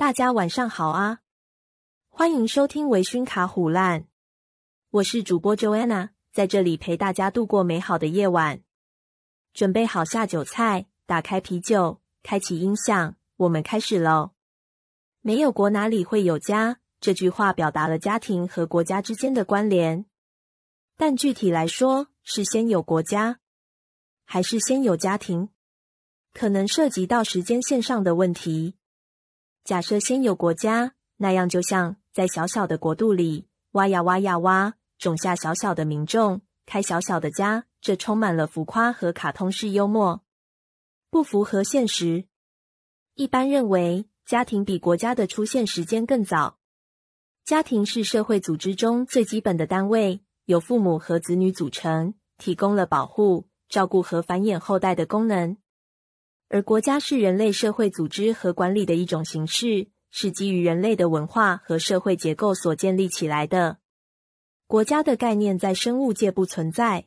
大家晚上好啊！歡迎收聽微醺卡唬爛，我是主播 Joanna，在這裡陪大家度過美好的夜晚。準備好下酒菜，打開啤酒，開啟音響，我們開始嘍。沒有國哪裡會有家？這句話表達了家庭和國家之間的關聯，但具體來說是先有國家還是先有家庭，可能涉及到時間線上的問題。假設先有國家，那樣就像在小小的國度裡挖呀挖呀挖，種下小小的民眾，開小小的家，這充滿了浮誇和卡通式幽默，不符合現實。一般認為，家庭比國家的出現時間更早。家庭是社會組織中最基本的單位，由父母和子女組成，提供了保護、照顧和繁衍後代的功能。而國家是人類社會組織和管理的一種形式，是基於人類的文化和社會結構所建立起來的。國家的概念在生物界不存在，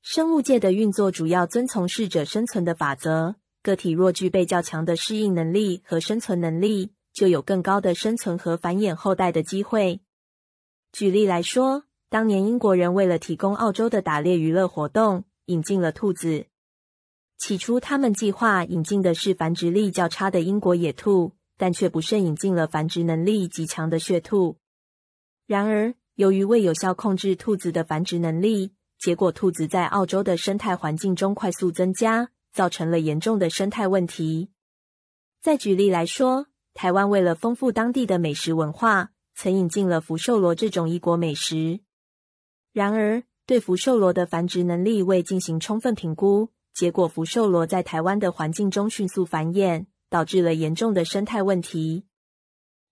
生物界的運作主要遵從適者生存的法則。個體若具備較強的適應能力和生存能力，就有更高的生存和繁衍後代的機會。舉例來說，當年英國人為了提供澳洲的打獵娛樂活動，引進了兔子。起初，他們計劃引進的是繁殖力較差的英國野兔，但卻不慎引進了繁殖能力極強的血兔。然而，由於未有效控制兔子的繁殖能力，結果兔子在澳洲的生態環境中快速增加，造成了嚴重的生態問題。再舉例來說，台灣為了豐富當地的美食文化，曾引進了福壽螺這種異國美食。然而，對福壽螺的繁殖能力未進行充分評估。結果，福壽螺在台灣的環境中迅速繁衍，導致了嚴重的生態問題。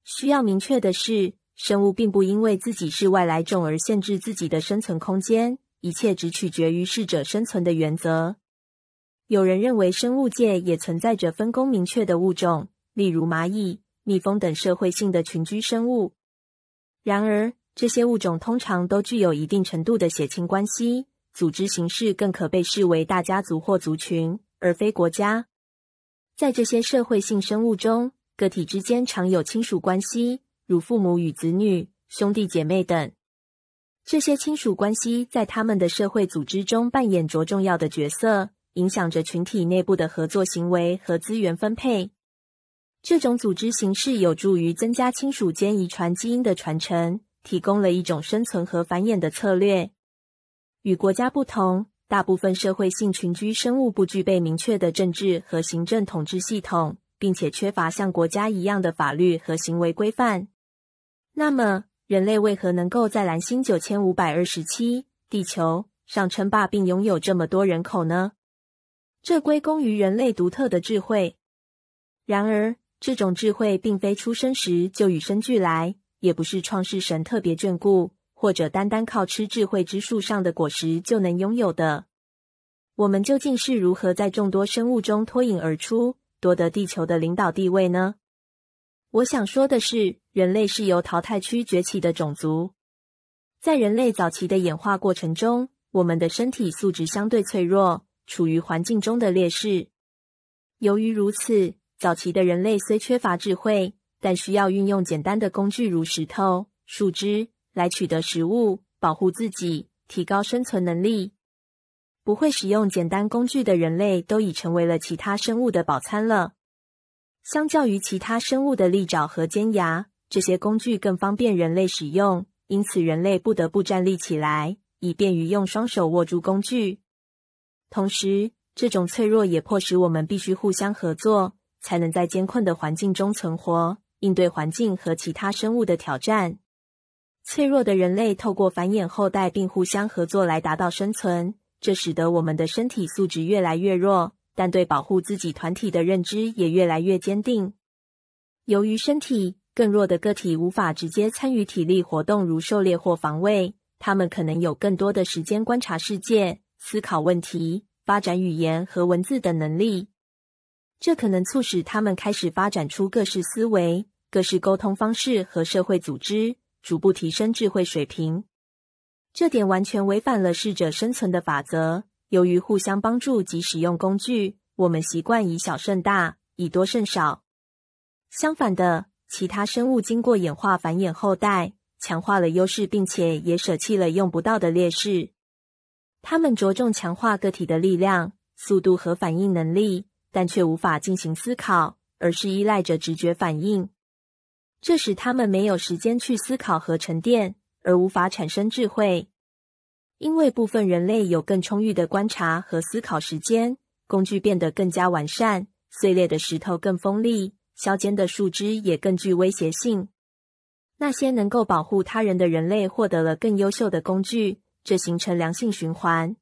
需要明確的是，生物並不因為自己是外來種而限制自己的生存空間，一切只取決於適者生存的原則。有人認為，生物界也存在着分工明確的物種，例如螞蟻、蜜蜂等社會性的群居生物。然而，這些物種通常都具有一定程度的血親關係。組織形式更可被視為大家族或族群，而非國家。在這些社會性生物中，個體之間常有親屬關係，如父母與子女、兄弟姐妹等。這些親屬關係在他們的社會組織中扮演着重要的角色，影響着群體內部的合作行為和資源分配。這種組織形式有助於增加親屬間遺傳基因的傳承，提供了一種生存和繁衍的策略。與國家不同，大部分社會性群居生物不具備明確的政治和行政統治系統，並且缺乏像國家一樣的法律和行為規範。那麼，人類為何能夠在藍星9527地球上稱霸並擁有這麼多人口呢？這歸功於人類獨特的智慧。然而，這種智慧並非出生時就與生俱來，也不是創世神特別眷顧。或者單單靠吃智慧之樹上的果實就能擁有的？我們究竟是如何在眾多生物中脫穎而出，奪得地球的領導地位呢？我想說的是，人類是由淘汰區崛起的種族。在人類早期的演化過程中，我們的身體素質相對脆弱，處於環境中的劣勢。由於如此，早期的人類雖缺乏智慧，但需要運用簡單的工具，如石頭、樹枝。來取得食物，保護自己，提高生存能力。不會使用簡單工具的人類，都已成為了其他生物的飽餐了。相較於其他生物的利爪和尖牙，這些工具更方便人類使用。因此，人類不得不站立起來，以便於用雙手握住工具。同時，這種脆弱也迫使我們必須互相合作，才能在艱困的環境中存活，應對環境和其他生物的挑戰。脆弱的人類透過繁衍後代並互相合作來達到生存，這使得我們的身體素質越來越弱，但對保護自己團體的認知也越來越堅定。由於身體更弱的個體無法直接參與體力活動，如狩獵或防衛，他們可能有更多的時間觀察世界、思考問題、發展語言和文字等能力。這可能促使他們開始發展出各式思維、各式溝通方式和社會組織。逐步提升智慧水平，這點完全違反了適者生存的法則。由於互相幫助及使用工具，我們習慣以小勝大，以多勝少。相反的，其他生物經過演化繁衍後代，強化了優勢，並且也捨棄了用不到的劣勢。他們着重強化個體的力量、速度和反應能力，但卻無法進行思考，而是依賴着直覺反應。這使他們沒有時間去思考和沉澱，而無法產生智慧。因為部分人類有更充裕的觀察和思考時間，工具變得更加完善，碎裂的石頭更鋒利，削尖的樹枝也更具威脅性。那些能夠保護他人的人類獲得了更優秀的工具，這形成良性循環。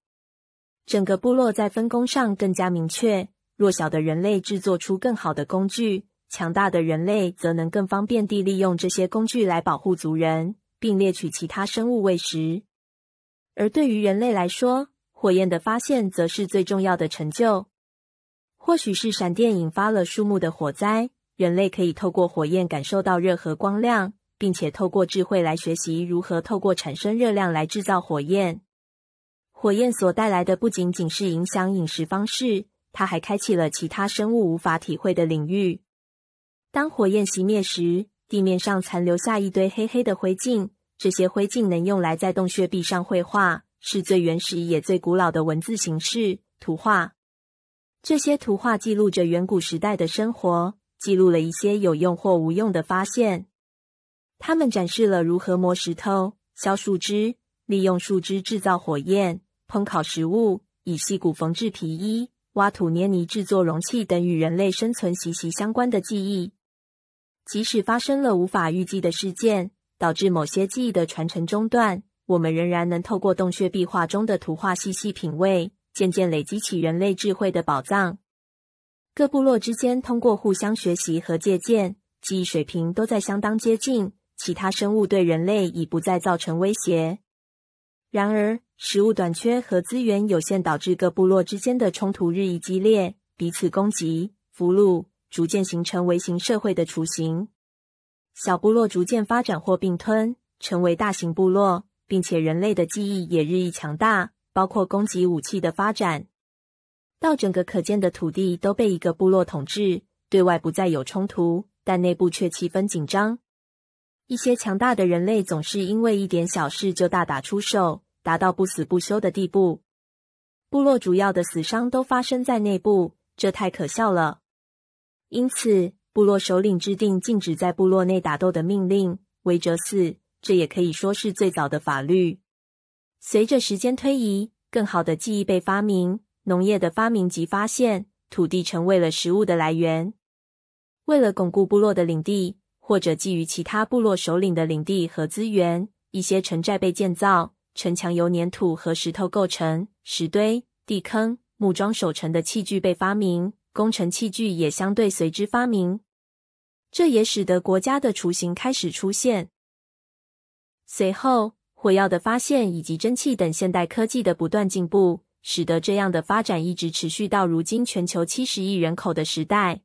整個部落在分工上更加明確，弱小的人類制作出更好的工具。強大的人類則能更方便地利用這些工具來保護族人，並獵取其他生物餵食。而對於人類來說，火焰的發現則是最重要的成就。或許是閃電引發了樹木的火災，人類可以透過火焰感受到熱和光亮，並且透過智慧來學習如何透過產生熱量來制造火焰。火焰所帶來的不僅僅是影響飲食方式，它還開啟了其他生物無法體會的領域。當火焰熄滅時，地面上殘留下一堆黑黑的灰燼。這些灰燼能用來在洞穴壁上繪畫，是最原始也最古老的文字形式——圖畫。這些圖畫記錄着遠古時代的生活，記錄了一些有用或無用的發現。他們展示了如何磨石頭、削樹枝、利用樹枝制造火焰、烹烤食物、以細骨縫制皮衣、挖土捏泥制作容器等與人類生存息息相關的技藝。即使發生了無法預計的事件，導致某些記憶的傳承中斷，我們仍然能透過洞穴壁畫中的圖畫細細品味，漸漸累積起人類智慧的寶藏。各部落之間通過互相學習和借鑑，記憶水平都在相當接近，其他生物對人類已不再造成威脅。然而，食物短缺和資源有限導致各部落之間的衝突日益激烈，彼此攻擊、俘虜。逐漸形成微型社會的雛形，小部落逐漸發展或併吞，成為大型部落，並且人類的記憶也日益強大，包括攻擊武器的發展，到整個可見的土地都被一個部落統治，對外不再有衝突，但內部卻氣氛緊張。一些強大的人類總是因為一點小事就大打出手，達到不死不休的地步。部落主要的死傷都發生在內部，這太可笑了。因此，部落首領制定禁止在部落內打鬥的命令，違者死。這也可以說是最早的法律。隨着時間推移，更好的技藝被發明，農業的發明及發現，土地成為了食物的來源。為了鞏固部落的領地，或者覬覦其他部落首領的領地和資源，一些城寨被建造，城牆由粘土和石頭構成，石堆、地坑、木樁守城的器具被發明。工程器具也相對隨之發明，這也使得國家的雛形開始出現。隨後，火藥的發現以及蒸汽等現代科技的不斷進步，使得這樣的發展一直持續到如今全球七十億人口的時代。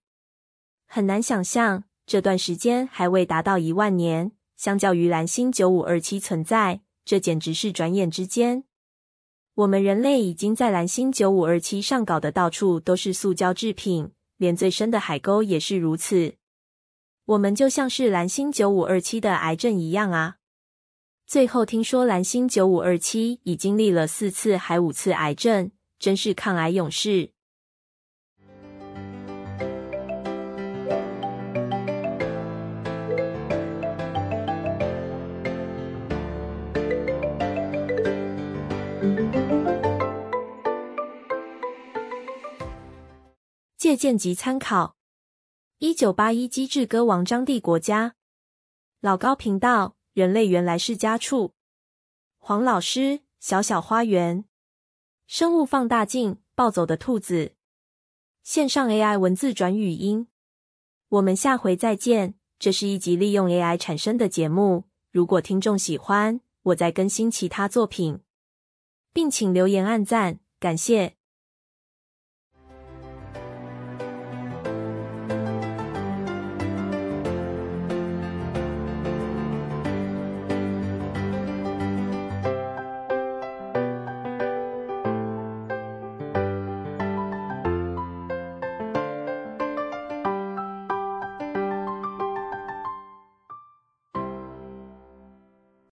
很難想象，這段時間還未達到一萬年，相較於藍星9527存在，這簡直是轉眼之間。我們人類已經在藍星九五二七上搞的到處都是塑膠制品，連最深的海溝也是如此。我們就像是藍星九五二七的癌症一樣啊！最後聽說藍星九五二七已經歷了四次還五次癌症，真是抗癌勇士。借鑑及參考：一九八一機智歌王張帝國家，老高頻道，人類原來是家畜，黃老師，小小花園，生物放大鏡，暴走的兔子，線上 AI 文字轉語音。我們下回再見。這是一集利用 AI 產生的節目。如果聽眾喜歡，我再更新其他作品，並請留言按讚，感謝。